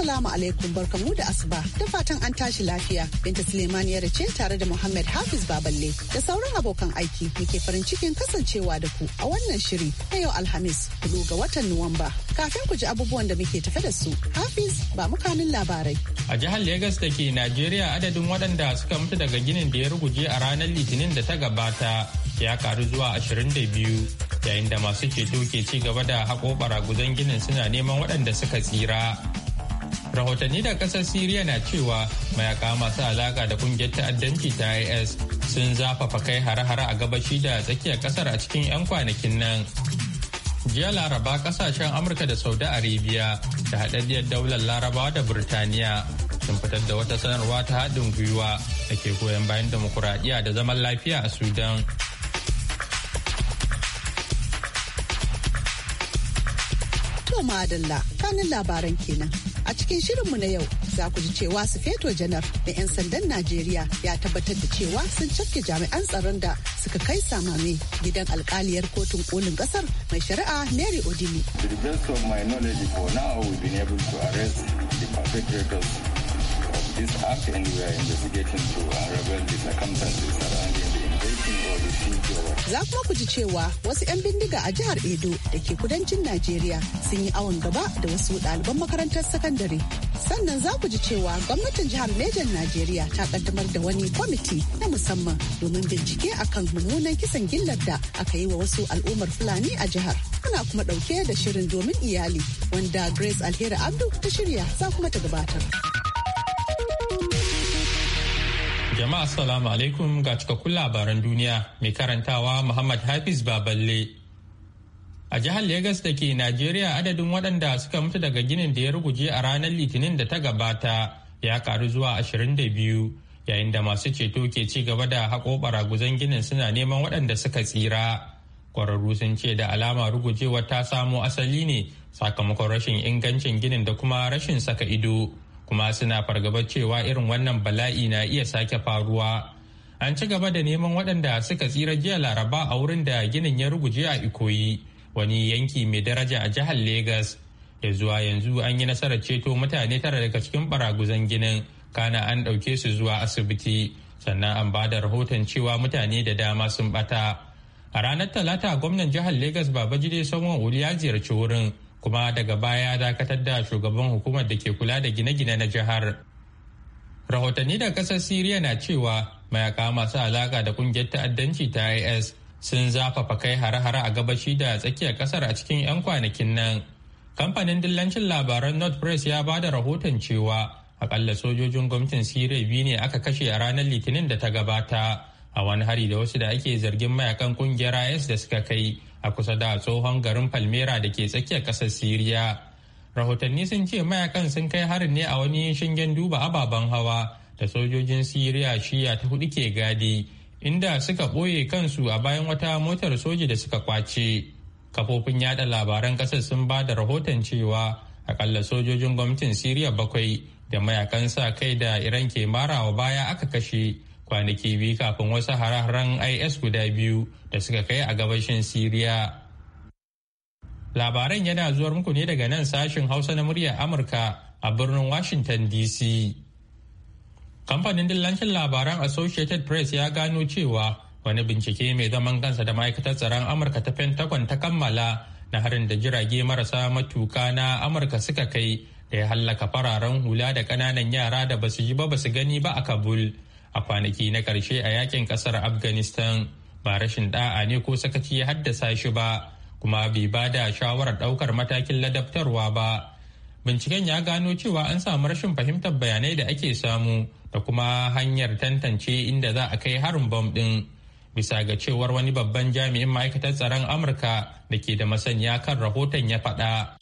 Assalamu alaikum barkamu da asuba da fatan an tashi lafiya. Binta Suleiman ya ce tare da Muhammad Hafiz Baballe da sauran abokan aiki muke farin cikin kasancewa da ku a wannan shiri na yau Alhamis hudu ga watan Nuwamba. Kafin ku ji abubuwan da muke tafe da su, Hafiz ba mu kanin labarai. A jihar Legas da ke Najeriya adadin waɗanda suka mutu daga ginin da ya ruguje a ranar Litinin da ta gabata ya karu zuwa 22. yayin da masu ceto ke ci gaba da haƙo baraguzan ginin suna neman waɗanda suka tsira rahotanni da kasar siriya na cewa mayaka masu alaka da kungiyar ta'addanci ta is sun zafafa kai hare-hare a gabashi da tsakiyar kasar a cikin 'yan kwanakin nan jiya laraba kasashen amurka da saudi arabia da haɗaɗɗiyar daular larabawa da burtaniya sun fitar da wata sanarwa ta haɗin gwiwa da ke goyon bayan demokuraɗiyya da zaman lafiya a sudan madalla kanin labaran kenan A cikin shirinmu na yau za ku ji cewa Sufeto Janar da 'yan sandan Najeriya ya tabbatar da cewa sun cakke jami'an tsaron da suka kai samame gidan alkaliyar kotun kolin kasar mai shari'a Mary odini This act and we are investigating to unravel the circumstances surrounding Za kuma ku ji cewa wasu 'yan bindiga a jihar Edo da ke kudancin Najeriya sun yi awon gaba da wasu ɗaliban makarantar sakandare. Sannan za ku ji cewa gwamnatin jihar Nejan Najeriya ta kaddamar da wani kwamiti na musamman domin bincike akan mummunan kisan gillar da aka yi wa wasu al'ummar Fulani a jihar. Kuna kuma ɗauke da shirin domin iyali wanda Grace Alheri Abdu ta shirya za kuma ta gabatar. Jama'a salamu alaikum ga cikakkun labaran duniya mai karantawa Muhammad Hafiz Baballe. A jihar Legas da ke Najeriya adadin waɗanda suka mutu daga ginin da ya ruguje a ranar Litinin da ta gabata ya karu zuwa 22 yayin da masu ceto ke ci gaba da haƙo baraguzan ginin suna neman waɗanda suka tsira. ƙwararru sun ce da alama rugujewar ta samo asali ne sakamakon rashin ingancin ginin da kuma rashin saka ido. kuma suna fargabar cewa irin wannan bala'i na iya sake faruwa an ci gaba da neman waɗanda suka tsira jiya laraba a wurin da ginin ya ruguje a ikoyi wani yanki mai daraja a jihar Legas. da zuwa yanzu an yi nasarar ceto mutane tara daga cikin baraguzan ginin kana an ɗauke su zuwa asibiti sannan an ba da rahoton cewa mutane da dama sun bata a ranar talata gwamnan jihar Legas babajide sanwon uli ya ziyarci wurin kuma daga baya dakatar da shugaban hukumar da ke kula da gine-gine na jihar rahotanni da kasar siriya na cewa mayaka masu alaka da kungiyar ta'addanci ta is sun zafafa kai hare-hare a gabashi da tsakiyar kasar a cikin 'yan kwanakin nan kamfanin dillancin labaran north press ya ba da rahoton cewa akalla sojojin gwamnatin siriya biyu ne aka kashe a ranar litinin da ta gabata a wani hari da wasu da ake zargin mayakan kungiyar is da suka kai a kusa da tsohon garin palmera da ke tsakiyar ƙasar siriya rahotanni sun ce mayakan sun kai harin ne a wani shingen duba ababen hawa da sojojin siriya shiya ta hudu ke gadi inda suka ɓoye kansu a bayan wata motar soji da suka kwace kafofin yada labaran ƙasar sun ba da rahoton cewa akalla sojojin gwamnatin siriya bakwai da mayakan sa kai da iran ke marawa baya aka kashe kwanaki biyu kafin wasu hare-haren is guda biyu da suka kai a gabashin siriya labaran yana zuwar muku ne daga nan sashin hausa na muryar amurka a birnin washington dc kamfanin dillancin labaran associated press ya gano cewa wani bincike mai zaman kansa da ma'aikatar tsaron amurka ta pentagon ta kammala na harin da jirage marasa matuka na amurka suka kai da ya hallaka fararen hula da ƙananan yara da basu ji ba basu gani ba a kabul a kwanaki na karshe a yakin kasar afghanistan ba rashin da'a ne ko sakaci ya haddasa shi ba kuma bai ba da shawarar daukar matakin ladabtarwa ba binciken ya gano cewa an samu rashin fahimtar bayanai da ake samu da kuma hanyar tantance inda za a kai harin bom din bisa ga cewar wani babban jami'in ma'aikatar tsaron amurka da ke da masaniya kan rahoton ya faɗa.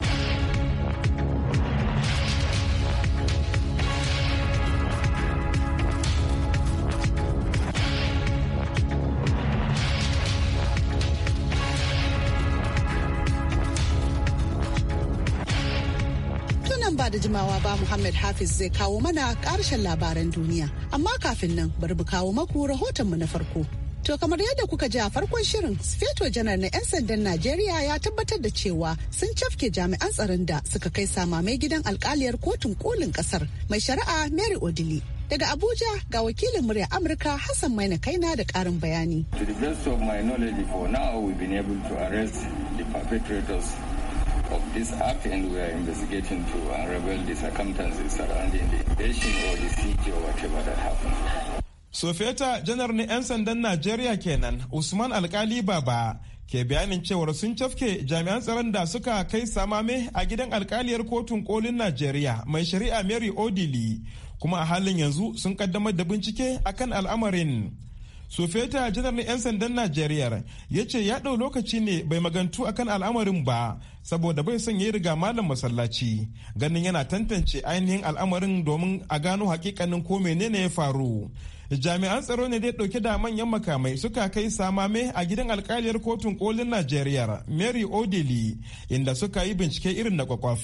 jimawa ba Muhammad Hafiz zai kawo mana ƙarshen labaran duniya. Amma kafin nan bari mu kawo maku rahotonmu na farko. To kamar yadda kuka ji a farkon shirin, Sufeto Janar na 'yan sandan Najeriya ya tabbatar da cewa sun cafke jami'an tsaron da suka kai sama mai gidan alkaliyar kotun kolin kasar mai shari'a Mary Odili. Daga Abuja ga wakilin murya Amurka Hassan Maina Kaina da karin bayani. To the best of my knowledge for now we've been able to arrest the perpetrators of this act and we are investigating to unravel the circumstances surrounding the invasion or the siege or whatever that happened. Sofeta janar na 'yan sandan Najeriya kenan Usman Alkali Baba ke bayanin cewar sun cafke jami'an tsaron da suka kai samame a gidan alkaliyar kotun kolin Najeriya mai shari'a Mary Odili kuma a halin yanzu sun kaddamar da bincike akan al'amarin. sofeta janar na 'yan sandan najeriya ya ce ya ɗau lokaci ne bai magantu akan al'amarin ba saboda bai son ya yi riga malam masallaci ganin yana tantance ainihin al'amarin domin a gano hakikanin ko menene ya faru jami'an tsaro ne dai dauke da manyan makamai suka kai samame a gidan alkaliyar kotun kolin najeriya mary odili inda suka yi bincike irin na kwakwaf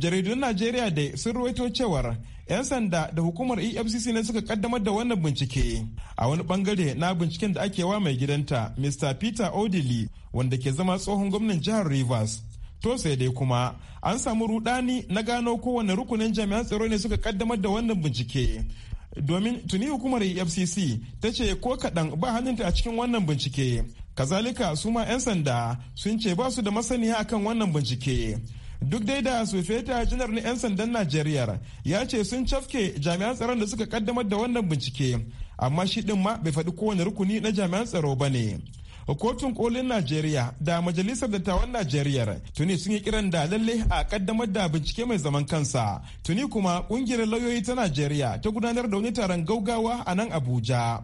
jaridun najeriya dai sun ruwaito cewar 'yan sanda da hukumar efcc ne suka kaddamar da wannan bincike a wani bangare na binciken da ake wa mai gidanta mr peter odili wanda ke zama tsohon gwamnan jihar rivers to sai dai kuma an samu rudani na gano kowane rukunin jami'an tsaro ne suka kaddamar da wannan bincike domin tuni hukumar efcc ta ce ko kaɗan ba hannunta a cikin wannan bincike kazalika su ma 'yan sanda sun ce ba su da masaniya akan wannan bincike duk dai da sufeta janar na 'yan sandan najeriya ya ce sun cafke jami'an tsaron da suka kaddamar da wannan bincike amma shi din ma bai faɗi kowane rukuni na jami'an tsaro ba ne kotun kolin najeriya da majalisar dattawan najeriya tuni sun yi kiran da lalle a kaddamar da bincike mai zaman kansa tuni kuma kungiyar lauyoyi ta najeriya ta gudanar da wani taron gaugawa a nan abuja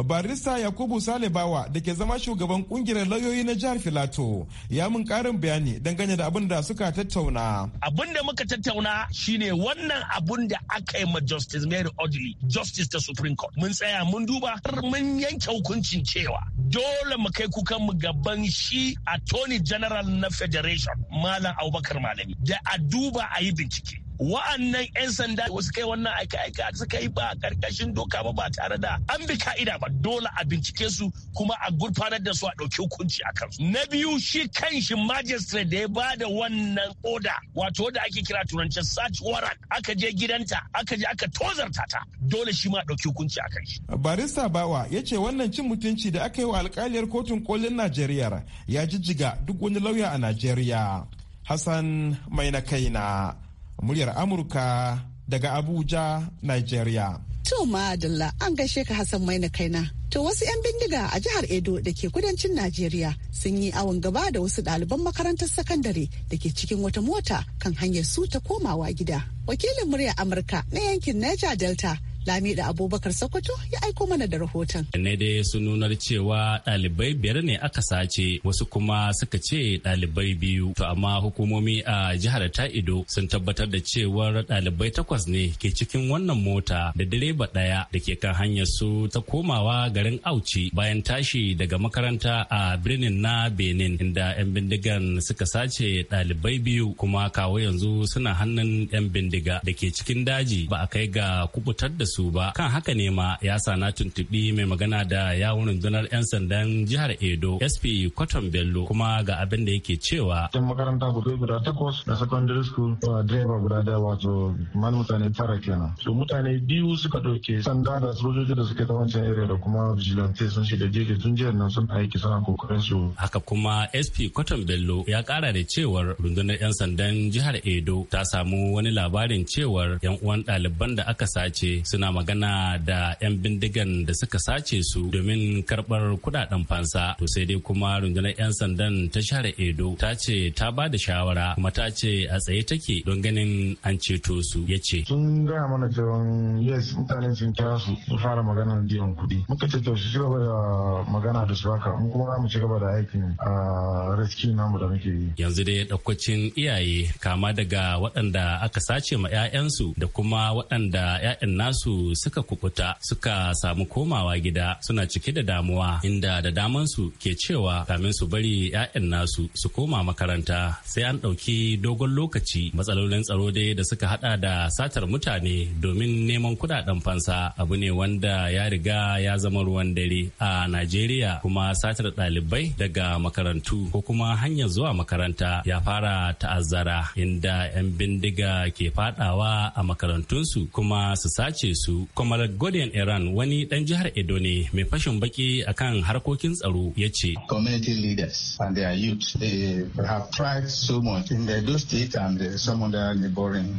barista yakubu salibawa da ke zama shugaban kungiyar lauyoyi na jihar filato ya mun karin bayani dangane da abin da suka tattauna abin da muka tattauna shine wannan abin da aka yi ma justice mary audley justice da supreme court mun tsaya mun duba har mun yanke hukuncin cewa dole mu kai kukan mu gaban shi attorney general na federation malam abubakar malami da a duba a yi bincike wa'annan 'yan sanda wasu kai wannan aika-aika suka yi ba karkashin doka ba ba tare da an bi ka'ida ba dole a bincike su kuma a gurfanar da su a ɗauki hukunci a kansu. Na biyu shi kan shi magistrate da ya ba da wannan oda wato da ake kira turancin search warrant aka je gidanta aka je aka tozarta ta dole shi ma a ɗauki hukunci a kan shi. Barista Bawa ya ce wannan cin mutunci da aka yi wa alkaliyar kotun kolin Najeriya ya jijjiga duk wani lauya a Najeriya. Hassan mai na kaina muryar Amurka daga Abuja, Nigeria. To Adalla an gaishe ka Hassan Maina kaina. To wasu 'yan bindiga a jihar Edo da ke kudancin Najeriya sun yi awon gaba da wasu ɗaliban makarantar sakandare da ke cikin wata mota kan hanyar su ta komawa gida. Wakilin muryar Amurka na yankin Niger Delta lami da Abubakar Sokoto ya aiko mana da rahoton. Ne dai su nunar cewa ɗalibai biyar ne aka sace wasu kuma suka ce ɗalibai biyu. To amma hukumomi a jihar ta Ido sun tabbatar da cewar ɗalibai takwas ne ke cikin wannan mota da direba ɗaya da ke kan hanyar su ta komawa ga garin Auci bayan tashi daga makaranta a birnin na Benin inda 'yan bindigan suka sace ɗalibai biyu kuma kawo yanzu suna hannun 'yan bindiga da ke cikin daji ba a kai ga kubutar da su ba. Kan haka ne ma ya sa na tuntuɓi mai magana da yawun rundunar 'yan sandan jihar Edo SP Cotton Bello kuma ga abin da yake cewa. Yan makaranta guda guda takwas da secondary school wa direba guda da wato man mutane tara kenan. mutane biyu suka ɗauke sanda da sojoji da suke ta wancan area da kuma ma vigilante sun shiga jeji sun nan sun aiki suna kokarin su. Haka kuma SP Cotton Bello ya kara da cewar rundunar 'yan sandan jihar Edo ta samu wani labarin cewar 'yan uwan ɗaliban da aka sace suna magana da 'yan bindigan da suka sace su domin karɓar kuɗaɗen fansa. To sai dai kuma rundunar 'yan sandan ta jihar Edo ta ce ta ba da shawara kuma ta ce a tsaye take don ganin an ceto su ya ce. Sun gaya mana cewa yes mutane sun kira su sun fara da biyan kuɗi. Muka ce su ci da magana da su haka mu kuma mu ci da aikin a riski namu da muke yi yanzu dai ɗaukacin iyaye kama daga waɗanda aka sace ma 'ya'yansu da kuma waɗanda 'ya'yan nasu suka kukuta suka samu komawa gida suna cike da damuwa inda da damansu ke cewa kamin su bari 'ya'yan nasu su koma makaranta sai an ɗauki dogon lokaci matsalolin tsaro dai da suka haɗa da satar mutane domin neman kuɗaɗen fansa abu ne wanda ya riga ya zama zama ruwan dare a Najeriya kuma satar ɗalibai daga makarantu ko kuma hanyar zuwa makaranta ya fara ta'azzara inda 'yan bindiga ke fadawa a makarantunsu kuma su sace su. Kamar Guardian Iran wani ɗan jihar Edo ne mai fashin baki akan harkokin tsaro ya ce. Community leaders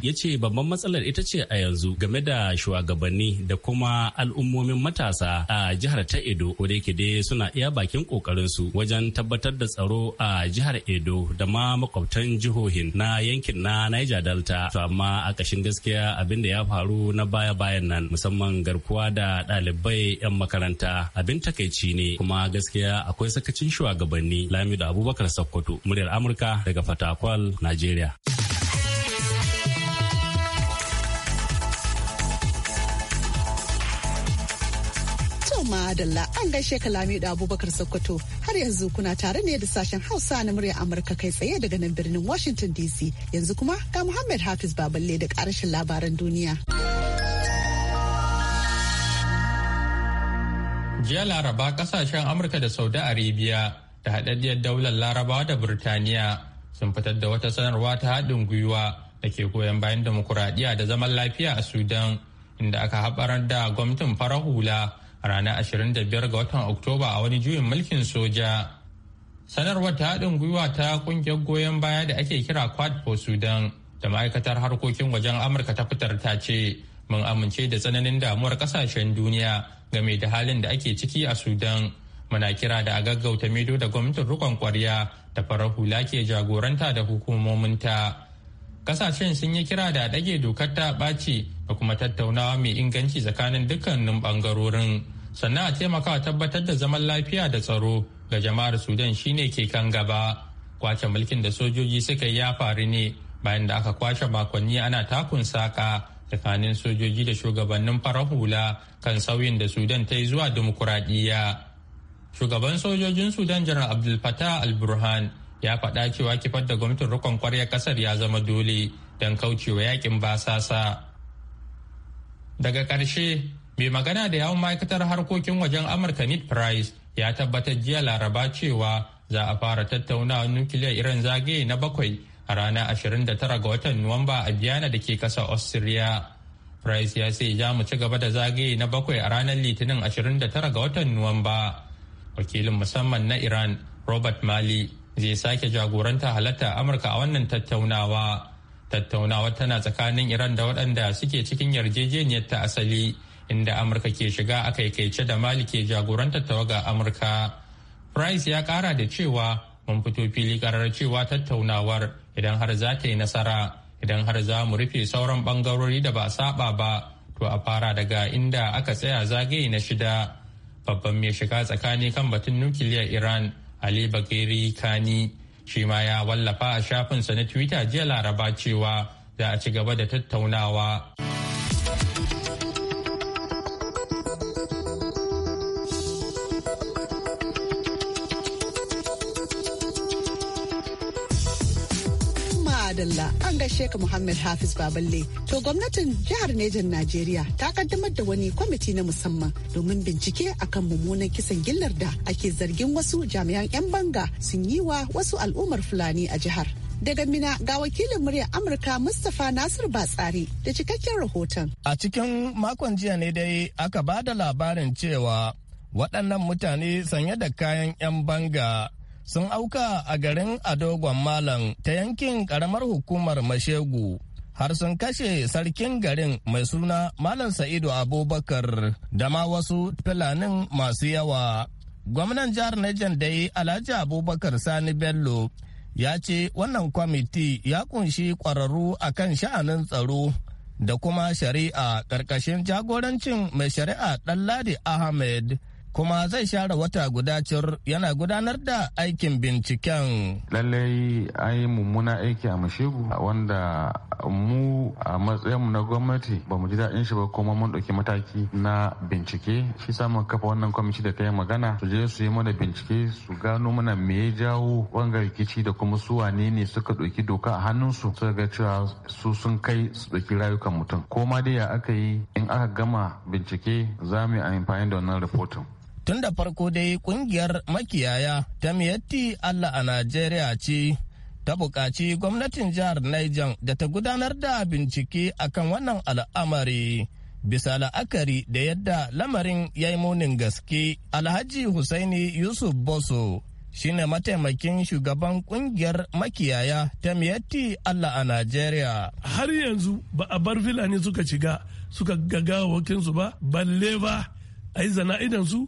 Ya ce babban matsalar ita ce a yanzu game da shugabanni da kuma al'ummomin matasa a a jihar ta Edo ko da yake dai suna iya bakin kokarin su wajen tabbatar da tsaro a jihar Edo da ma makwabtan jihohin na yankin na Niger Delta to amma a kashin gaskiya abin da ya faru na baya-bayan nan musamman garkuwa da ɗalibai 'yan makaranta abin takaici ne kuma gaskiya akwai sakacin shugabanni Lamido Abubakar Sokoto muryar Amurka daga Fatakwal, Najeriya. madalla an gaishe ka da Abubakar Sokoto har yanzu kuna tare ne da sashen Hausa na murya Amurka kai tsaye daga nan birnin Washington DC yanzu kuma ga Muhammad Hafiz Baballe da karashin labaran duniya. Jiya Laraba kasashen Amurka da Saudi Arabia da haɗaɗɗiyar daular Larabawa da Burtaniya sun fitar da wata sanarwa ta haɗin gwiwa da ke goyon bayan demokuraɗiyya da zaman lafiya a Sudan inda aka haɓarar da gwamnatin farar hula a ranar 25 ga watan Oktoba a wani juyin mulkin soja. Sanarwar ta haɗin gwiwa ta ƙungiyar goyon baya da ake kira Quad for Sudan da ma'aikatar harkokin wajen Amurka ta fitar ta ce mun amince da tsananin damuwar ƙasashen duniya game da halin da ake ciki a Sudan. Muna kira da a gaggauta medo da gwamnatin rikon ƙwarya da farar hula ke jagoranta da hukumominta. kasashen sun yi kira da ɗage dokar ta ɓaci da kuma tattaunawa mai inganci tsakanin dukkanin ɓangarorin sannan a taimakawa tabbatar da zaman lafiya da tsaro ga jama'ar sudan shine ke kan gaba kwace mulkin da sojoji suka yi ya faru ne bayan da aka kwashe makonni ana takun saka tsakanin sojoji da shugabannin farar hula kan sauyin da sudan ta yi zuwa dimokuraɗiyya shugaban sojojin sudan jiran abdul fatah al-burhan ya faɗa cewa kifar da gwamnatin rukon kwarya kasar ya zama dole don kaucewa yakin basasa daga ƙarshe mai magana da yawon ma'aikatar harkokin wajen amurka nit price ya tabbatar jiya laraba cewa za a fara tattaunawa nukiliya irin zagaye na bakwai a ranar 29 ga watan nuwamba a biyana da ke kasa austria price ya ce za mu ci gaba da zagaye na bakwai a ranar litinin 29 ga watan nuwamba wakilin musamman na iran robert mali zai sake jagoranta halatta amurka a wannan tattaunawa tattaunawa tana tsakanin iran da waɗanda suke cikin yarjejeniyar ta asali inda amurka ke shiga a kaikaice da mali ke jagoranta tawaga amurka price ya kara da cewa mun fito fili karar cewa tattaunawar idan har za ta yi nasara idan har za mu rufe sauran bangarori da ba a saba ba to a fara daga inda aka tsaya zagaye na shida babban mai shiga tsakani kan batun nukiliyar iran Ali Bakiri Kani shi ma ya wallafa a shafinsa na Twitter jiya Laraba cewa za a ci gaba da tattaunawa. Madalla an gaishe ka Muhammad Hafiz Baballe. To gwamnatin jihar Nejan Najeriya ta kaddamar da wani kwamiti na musamman domin bincike akan mummunan kisan gillar da ake zargin wasu jami'an 'yan banga sun yi wa wasu al'ummar Fulani a jihar. Daga Mina ga wakilin muryar Amurka Mustapha Nasir Batsari da cikakken rahoton. A cikin makon jiya ne dai aka ba da labarin cewa waɗannan mutane sanye da kayan 'yan banga sun auka a garin adogon malam ta yankin karamar hukumar mashegu har sun kashe sarkin garin mai suna malam sa'idu abubakar da ma wasu filanin masu yawa gwamnan jihar Niger dai alhaji abubakar sani bello ya ce wannan kwamiti ya kunshi kwararru a kan sha'anin tsaro da kuma shari'a ƙarƙashin jagorancin mai shari'a ɗanladi ahmed kuma zai share wata guda cir yana gudanar da aikin binciken. Lallai an yi mummuna aiki a Mashegu wanda mu a matsayinmu na gwamnati ba mu ji daɗin shi ba kuma mun ɗauki mataki na bincike shi samun kafa wannan kwamiti da ta yi magana su je su yi mana bincike su gano mana me ya jawo wanga rikici da kuma su wane ne suka ɗauki doka a hannunsu su ga cewa su sun kai su ɗauki rayukan mutum ko ma dai ya aka yi in aka gama bincike za mu yi amfani da wannan rahoton. Tun da farko dai kungiyar makiyaya ta miyatti Allah a Najeriya ce ta buƙaci gwamnatin jihar Niger da ta gudanar da bincike akan wannan al'amari. Bisa la'akari da yadda lamarin ya yi munin gaske, Alhaji Husaini Yusuf Boso shine mataimakin shugaban kungiyar makiyaya ta miyatti Allah a Najeriya. Har yanzu ba a bar filani suka shiga suka gaga wakinsu ba, balle ba a yi zana'idansu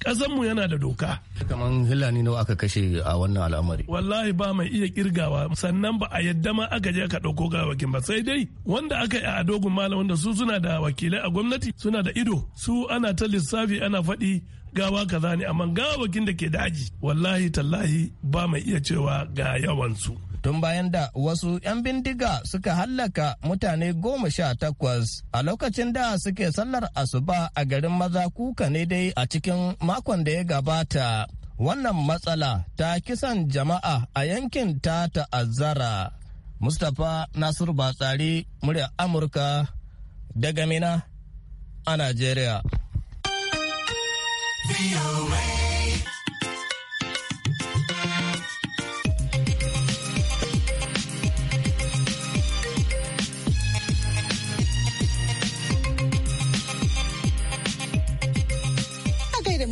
ƙasanmu yana da doka. kamar Hillani nawa aka kashe a wannan al'amari. Wallahi ba mai iya kirgawa sannan ba a yadda ma aka je ka ɗauko gawakin ba sai dai wanda aka yi a dogon malam wanda su suna da wakilai a gwamnati suna da ido su ana ta lissafi ana faɗi gawa kaza ne amma gawakin da ke daji wallahi tallahi ba mai iya cewa ga yawansu. tun bayan da wasu 'yan bindiga suka hallaka mutane goma sha takwas a lokacin da suke sallar asuba a garin maza kuka ne dai a cikin makon da ya gabata wannan matsala ta kisan jama'a a yankin ta ta'azzara mustapha nasiru batsari murya amurka daga mina a najeriya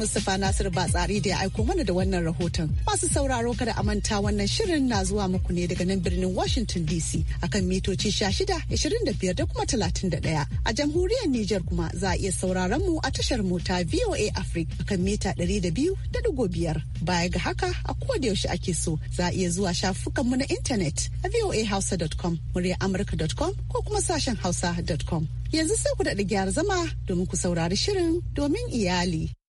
Mustapha Nasir Batsari da ya aiko mana da wannan rahoton. Masu sauraro kada a manta wannan shirin na zuwa muku ne daga nan birnin Washington DC akan mitoci 16, ishirin da kuma talatin da 31. A jamhuriyar Nijar kuma za a iya sauraron mu a tashar mota VOA Africa akan mita ɗari da da biyu 200.5. Baya ga haka a yaushe ake so za a iya zuwa shafukan mu na intanet a voahausa.com, muryaamurka.com ko kuma sashen hausa.com. Yanzu sai ku daɗa gyara zama domin ku saurari shirin domin iyali.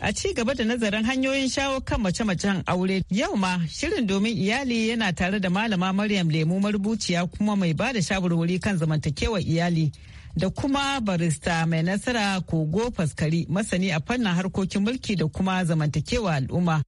A ci gaba da nazarin hanyoyin shawo kan mace-macen aure yau ma shirin domin iyali yana tare da malama Maryam Lemu marubuciya kuma mai ba da shawarwari kan zamantakewa iyali da kuma barista mai nasara kogo faskari masani a fannin harkokin mulki da kuma zamantakewa al'umma.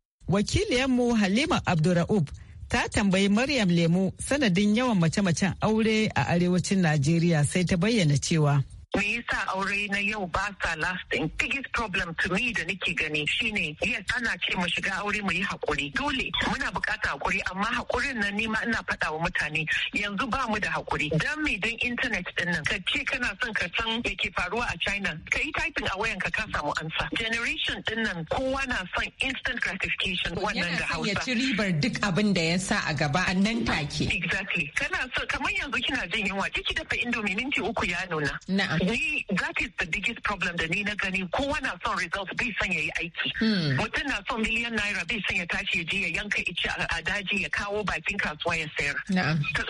mu Halima Abdurra'ub ta tambayi Maryam Lemu sanadin yawan mace-macen aure a arewacin Najeriya sai ta bayyana cewa. me yasa aure na yau ba sa lasting biggest problem to me da nake gani shine yes ana ce mu shiga aure mu yi hakuri dole muna bukata hakuri amma hakurin nan ma ina faɗa wa mutane yanzu ba mu da hakuri dan me dan internet din nan ka ce kana son ka san me ke faruwa a China ka yi typing a wayanka ka samu ansa generation din nan kowa na son instant gratification wannan da Hausa ya ci ribar duk abin da ya sa a gaba a nan take exactly kana so kamar yanzu kina jin yunwa kiki dafa indomie minti uku ya nuna na'am we that is the biggest problem da ni na gani kowa na son results bai son yayi aiki hmm. mutum na son miliyan naira bai son ya tashi ya je ya yanka ice a daji ya kawo bakin kasuwa ya sayar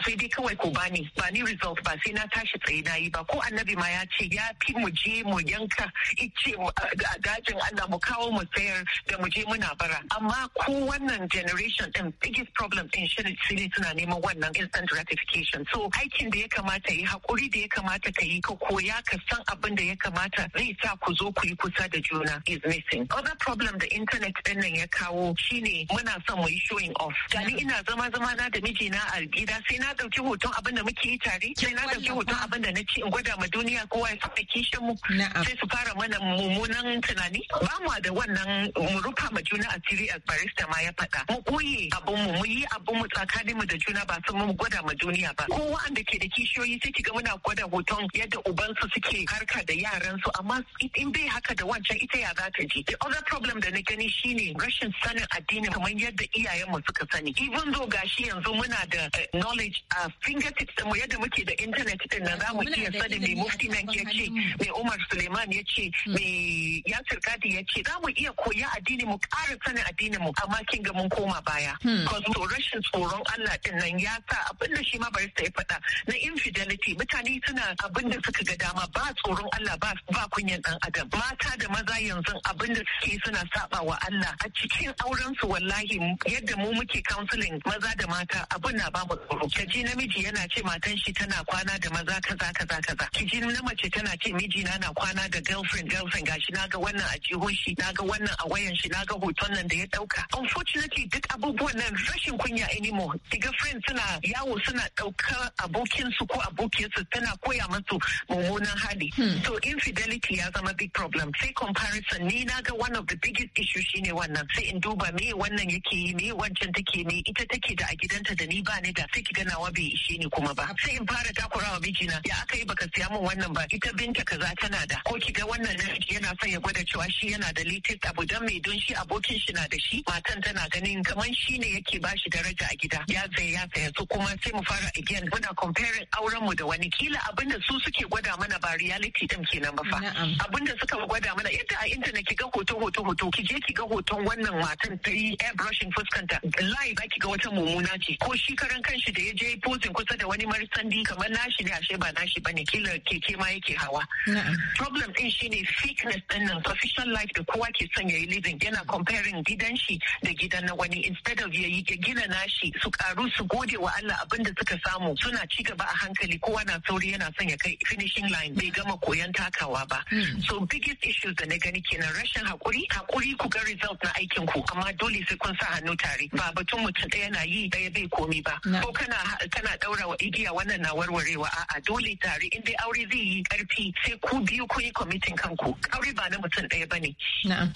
sai dai kawai ko bani ba ni result ba sai na tashi tsaye na yi ba ko annabi ma ya ce ya fi mu je mu yanka ice a dajin Allah mu kawo mu sayar da mu je muna bara amma ko wannan generation din biggest problem din shi ne suna neman wannan instant gratification so aikin da ya kamata yi hakuri da ya kamata ka yi ka koya ka san abin da ya kamata zai sa ku zo ku yi kusa da juna is missing. Other problem da internet din nan ya kawo shine muna son mu yi showing off. Gani ina zama zama na da mijina a gida sai na dauki hoton abin da muke yi tare, sai na dauki hoton abin da na ci in gwada ma duniya kowa ya saka kishin mu. Sai su fara mana mummunan tunani. Ba mu da wannan mu rufa ma juna asiri a barista ma ya faɗa. Mu koye abin mu mu yi abin mu tsakanin mu da juna ba sun mu gwada ma duniya ba. Kowa da ke da kishiyoyi sai ki ga muna gwada hoton yadda ubansu suke harka da yaran su amma in bai haka da wancan ita ya za ta ji the other problem da na gani shine rashin sanin addini kamar yadda iyayenmu suka sani even though gashi yanzu muna da eh, knowledge a ah, fingertips mu yadda muke da internet din na zamu iya sani mai mufti nan ya ce Mai Umar Suleiman ya ce Mai hmm. Yasir Gadi ya ce zamu iya koya addini mu ƙara sanin addini mu amma kin ga mun koma baya hmm. because rashin tsoron Allah din nan ya sa abinda shi ma barista ya faɗa na infidelity mutane suna abin da suka ga dama dama ba tsoron Allah ba ba kunyan dan adam mata da maza yanzu abin da suke suna saba wa Allah a cikin auren su wallahi yadda mu muke counseling maza da mata abin na ba mu tsoro kaji namiji yana ce matan shi tana kwana da maza kaza kaza kaza kiji na mace tana ce miji na na kwana da girlfriend girlfriend gashi naga wannan a jihun shi naga wannan a wayan shi naga hoton nan da ya dauka unfortunately duk abubuwan nan rashin kunya anymore kiga friend suna yawo suna dauka abokin su ko abokin su tana koya musu mummuna wannan hali hmm. so infidelity ya zama big problem sai comparison ni na ga one of the biggest issues shine wannan sai in duba me wannan yake yi me wancan take ne ita take da a gidanta da ni ba ni da sai ki nawa bai ishe ni kuma ba sai in fara takurawa mijina ya aka yi baka siya min wannan ba ita binta kaza tana da ko ki ga wannan na yana son ya gwada cewa shi yana da latest abu dan mai don shi abokin shi na da shi matan tana ganin kaman shi ne yake ba shi daraja a gida ya tsaye ya tsaye so kuma sai mu fara again muna comparing auren mu da wani kila abin da su suke gwada mana ba reality din kenan ba fa abinda da suka gwada mana yadda a internet ki hoto hoto hoto ki je ki ga hoton wannan matan ta yi airbrushing fuskanta live ba ki ga wata mummuna ce ko shi karan kanshi da ya je posing kusa da wani marisandi kamar nashi ne ashe ba nashi ne kila keke ma yake hawa problem din shine fitness din nan professional life da kowa ke son ya yi living yana comparing gidan shi da gidan na wani instead of yayi gina nashi su karu su gode wa Allah abin suka samu suna ci gaba a hankali kowa na sauri yana son ya kai finishing line bai gama koyon takawa ba hmm. so biggest issues da na gani kenan rashin hakuri hakuri ku ga result na aikin ku amma dole sai kun sa hannu tare ba batun mutum ɗaya na yi ɗaya bai komi ba ko kana kana daura wa igiya wannan na warwarewa a'a dole tare in dai aure zai yi karfi sai ku biyu kun yi committing kanku aure ba na mutum ɗaya bane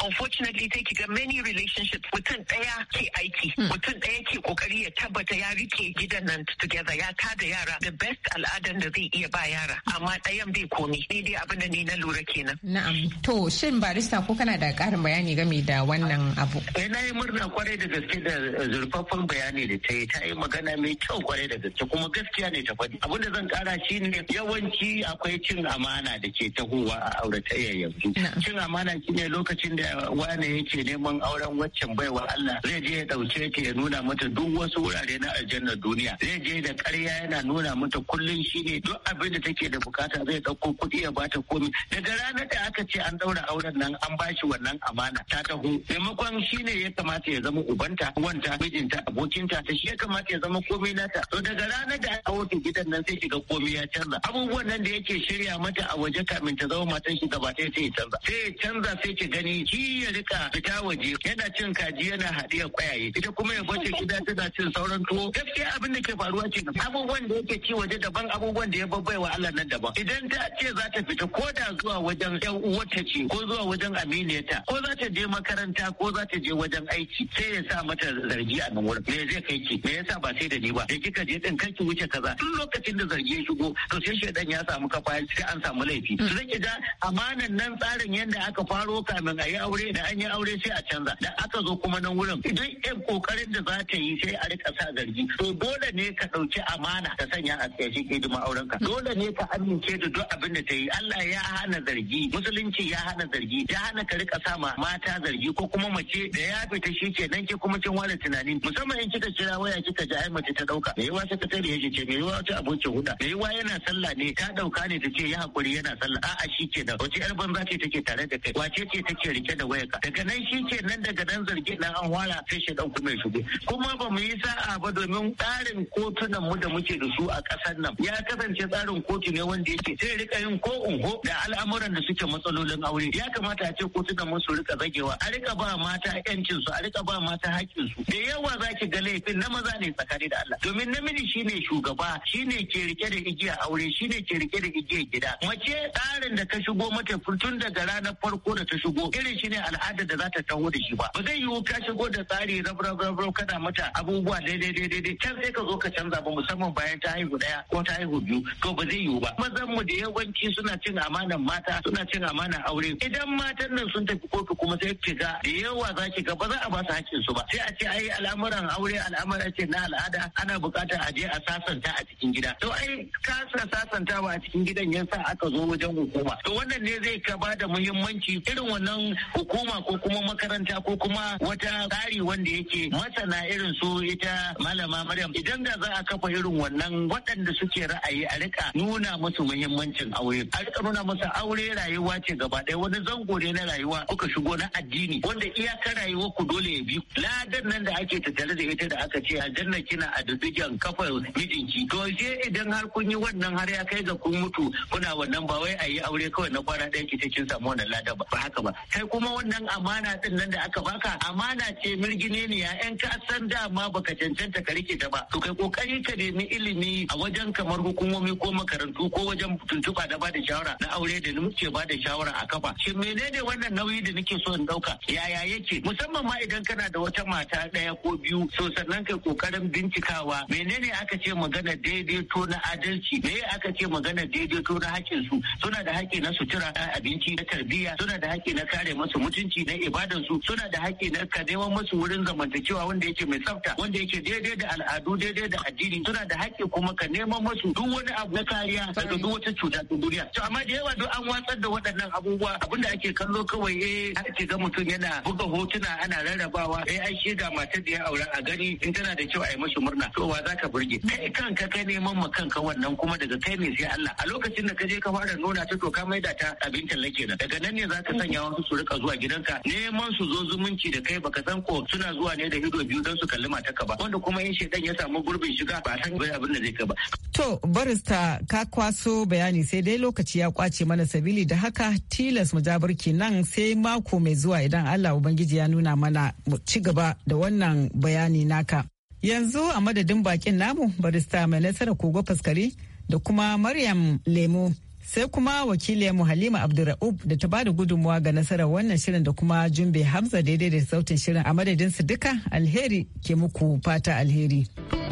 unfortunately sai ga many relationships mutum ɗaya ke aiki hmm. mutum ɗaya ke kokari ya tabbata ya rike gidan nan together ya tada yara the best al'adan da zai iya ba yara amma ɗayan bai komi ni dai abin da ni na lura kenan na'am to shin barista ko kana da karin bayani game da wannan abu eh na yi murna kwarai da gaske da zurfafan bayani da ta yi ta yi magana mai kyau kwarai da gaske kuma gaskiya ne ta faɗi abin da zan kara shi ne yawanci akwai cin amana da ke tahowa a auratayya yanzu cin amana shi ne lokacin da wani yake neman auren waccan baiwa Allah zai je ya dauke ta ya nuna mata duk wasu wurare na aljannar duniya zai je da ƙarya yana nuna mata kullum shi ne duk abin da take da bukata zai ɗauko kuɗi ya bata komi daga ranar da aka ce an ɗaura auren nan an bashi wannan amana ta taho maimakon shine ya kamata ya zama ubanta wanta mijinta abokinta ta shi ya kamata ya zama komai nata to daga ranar da aka wato gidan nan sai shiga komai ya canza abubuwan nan da yake shirya mata a waje kamin ta zama matan shi gaba ɗaya sai ya canza sai ya canza sai ki gani shi ya rika fita waje yana cin kaji yana haɗiyar kwayaye ita kuma ya bace gida tana cin sauran tuwo gaskiya abin da ke faruwa ce abubuwan da yake ci waje daban abubuwan da ya wa Allah nan daban idan a ce za ta fita ko da zuwa wajen yan uwarta ce ko zuwa wajen aminiyata ko za ta je makaranta ko za ta je wajen aiki sai ya sa mata zargi a nan wurin me zai kai ki me yasa ba sai da ni ba da kika je din ki wuce kaza duk lokacin da zargi ya shigo to sai shedan ya samu kafa sai an samu laifi hmm. su zai ga amanan nan tsarin yadda aka faro kamin a yi aure da an yi aure sai a canza da aka zo kuma nan wurin idan yan kokarin da za ta yi sai a rika sa zargi to dole ne ka dauki amana ka sanya a tsaye shi ke aurenka dole ne ka amince da duk abin da ta yi Allah ya hana zargi musulunci ya hana zargi ya hana ka rika sama mata zargi ko kuma mace da ya fita shi ke nan ke kuma cin wani tunani musamman in kika kira waya kika ji ai mace ta dauka me yawa sakatare ya ce me yawa ta abokin huda me yawa yana sallah ne ta dauka ne ta ce ya hakuri yana sallah a'a shi ke nan wace yar banza ce take tare da kai wace ce take rike da wayarka daga nan shi ke nan daga nan zargi dan an wala sai shi dan kuma ya shigo kuma ba mu yi sa'a ba domin tsarin kotunan mu da muke da su a kasar nan ya kasance tsarin kotu ne wanda yake sai zai rika yin ko ungo da al'amuran da suke matsalolin aure ya kamata a ce kotunan musu rika zagewa a rika ba mata yancin su a rika ba mata hakkin su da yawa zaki ga laifin na maza ne tsakani da Allah domin namiji shine shugaba shine ke rike da igiya aure shine ke rike da igiya gida mace tsarin da ka shigo mata furtun daga ranar farko da ta shigo irin shine al'adar da za ta taho da shi ba ba zai yiwu ka shigo da tsari rab rab rab kana mata abubuwa daidai dai can sai ka zo ka canza ba musamman bayan ta haihu ɗaya ko ta haihu biyu to ba zai yiwu ba mazan mu da yawanci suna cin amanan mata suna cin amanan aure idan matan nan sun tafi kotu kuma sai ki ga da yawa za ki ga ba za a ba su hakkin su ba sai a ce ai al'amuran aure al'amuran ce na al'ada ana buƙatar a je a sasanta a cikin gida to ai kasa sasantawa a cikin gidan yasa aka zo wajen hukuma to wannan ne zai ka ba da muhimmanci irin wannan hukuma ko kuma makaranta ko kuma wata tsari wanda yake masana irin su ita malama Maryam idan da za a kafa irin wannan waɗanda suke ra'ayi a rika nuna musu muhimmanci muhimmancin aure a rika nuna masa aure rayuwa ce gaba ɗaya wani zango ne na rayuwa kuka shigo na addini wanda iyaka rayuwa ku dole ya bi ladan nan da ake tattare da ita da aka ce aljanna kina a dudugen kafa mijinki to je idan har kun yi wannan har ya kai ga kun mutu kuna wannan ba wai a yi aure kawai na kwana ɗaya ki kin samu wannan ladan ba haka ba kai kuma wannan amana din nan da aka baka amana ce mirgine ne ya yan ka san dama baka cancanta ka rike ta ba to kai kokari ka nemi ilimi a wajen kamar hukumomi ko makarantu ko wajen tuntuɓa da bada shawara na aure da muke bada shawara a kafa shi menene wannan nauyi da nake so in ɗauka yaya yake musamman ma idan kana da wata mata daya ko biyu so sannan kai kokarin bincikawa menene aka ce magana daidaito na adalci me aka ce magana daidaito na hakkin su suna da haƙƙi na sutura na abinci na tarbiyya suna da haƙƙi na kare musu mutunci na ibadan su suna da haƙƙi na ka neman musu wurin zamantakewa wanda yake mai tsafta wanda yake daidai da al'adu daidai da addini suna da haƙƙi kuma ka neman musu duk wani abu na kariya daga duk wata cuta ta duniya to amma da yawa duk an watsar da waɗannan abubuwa da ake kallo kawai eh ake ga mutum yana buga hotuna ana rarrabawa eh ai shi ga matar da ya aura a gani in tana da kyau a yi mashi murna to wa za ka burge kai kanka kai neman ma kanka wannan kuma daga kai ne sai Allah a lokacin da ka je ka fara nuna ta to ka maida ta abin tallake na daga nan ne za ka sanya wasu su rika zuwa gidanka neman su zo zumunci da kai baka san ko suna zuwa ne da ido biyu don su kalli ka ba wanda kuma in shaidan ya samu gurbin shiga ba san abin da zai ka ba to barista ka kwaso bayani bayani sai dai lokaci ya kwace mana sabili da haka tilas mu ja burki nan sai mako mai zuwa idan Allah Ubangiji ya nuna mana mu ci gaba da wannan bayani naka. Yanzu a madadin bakin namu barista mai nasara kogo faskari da kuma Maryam lemu sai kuma wakilinmu Halima Abdulra'ub da ta bada gudunmuwa ga nasarar wannan shirin da kuma Jumbe Hamza daidai da sautin shirin a madadin su duka alheri ke muku fata alheri.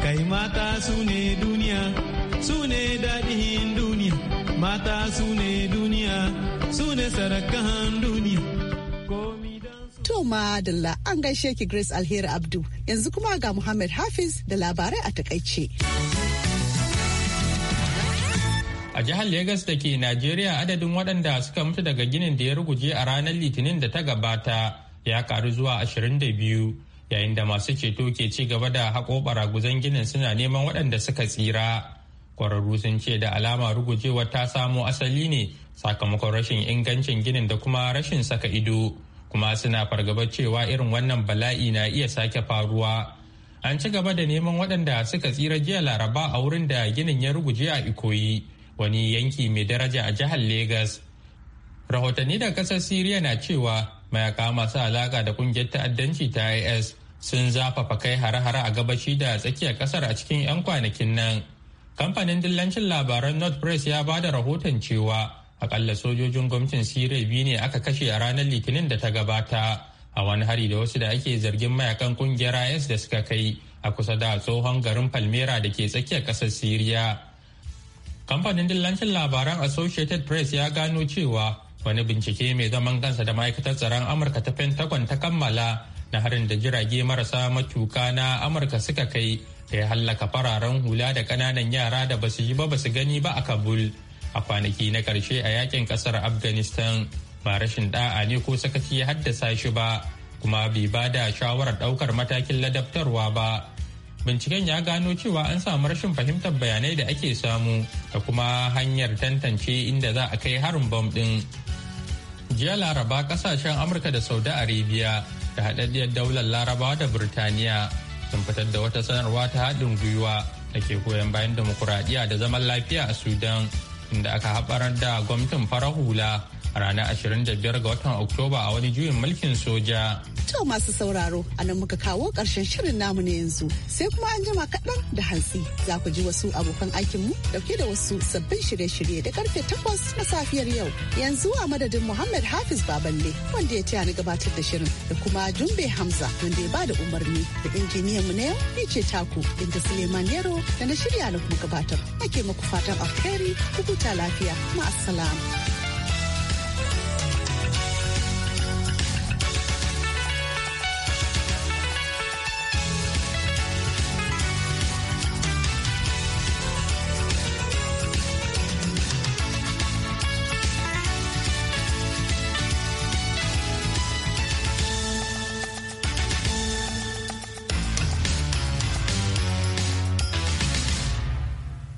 Kai mata su ne duniya su ne daɗin duniya. mata su ne duniya su ne sarakan duniya To madalla an gaishe ki Grace Alheri Abdu yanzu kuma ga Muhammad Hafiz da labarai a takaice. A jihar Legas da ke Najeriya adadin waɗanda suka mutu daga ginin da ya ruguje a ranar Litinin da ta gabata ya karu zuwa 22 yayin da masu ceto ke ci gaba da haƙo ɓaraguzan ginin suna neman waɗanda suka tsira. kwararru sun ce da alama rugujewar ta samo asali ne sakamakon rashin ingancin ginin da kuma rashin saka ido kuma suna fargabar cewa irin wannan bala'i na iya sake faruwa an ci gaba da neman waɗanda suka tsira jiya laraba a wurin da ginin ya ruguje a ikoyi wani yanki mai daraja a jihar Legas. rahotanni da kasar siriya na cewa mayaka masu alaƙa da ƙungiyar ta'addanci ta is sun zafafa kai hare-hare a gabashi da tsakiyar kasar a cikin 'yan kwanakin nan Kamfanin dillancin labaran North Press ya ba da rahoton cewa akalla sojojin gwamnatin Siriya biyu ne aka kashe a ranar Litinin da ta gabata a wani hari da wasu da ake zargin mayakan kungiyar IS da suka kai a kusa da tsohon garin Palmyra da ke tsakiyar ƙasar Siriya. Kamfanin dillancin labaran Associated Press ya gano cewa wani bincike mai zaman kansa da ma'aikatar tsaron Amurka ta Pentagon ta kammala na harin da jirage marasa matuka na Amurka suka kai da ya hallaka fararen hula da ƙananan yara da basu yi ba basu gani ba a kabul a kwanaki na ƙarshe a yakin ƙasar afghanistan ba rashin da'a ne ko sakaci ya haddasa shi ba kuma bai ba da shawarar ɗaukar matakin ladabtarwa ba binciken ya gano cewa an samu rashin fahimtar bayanai da ake samu da kuma hanyar tantance inda za a kai harin bom ɗin jiya laraba kasashen amurka da saudi arabia da haɗaɗɗiyar daular larabawa da burtaniya sun fitar da wata sanarwa ta haɗin gwiwa da ke goyon bayan demokuraɗiyya da zaman lafiya a sudan inda aka haɓarar da gwamnatin farar hula a ranar 25 ga watan Oktoba a wani juyin mulkin soja. To masu sauraro, anan muka kawo ƙarshen shirin namu na yanzu. Sai kuma an jima kaɗan da hantsi za ku ji wasu abokan aikinmu dauke da wasu sabbin shirye-shirye da karfe 8 na safiyar yau. Yanzu a madadin Muhammad Hafiz Baballe wanda ya taya ni gabatar da shirin da kuma Jumbe Hamza wanda ya bada umarni da injiniyan mu na yau ni ce taku inda Suleiman Nero da na shirya na kuma gabatar. Ake muku fatan alheri, huta lafiya, ma'assalam.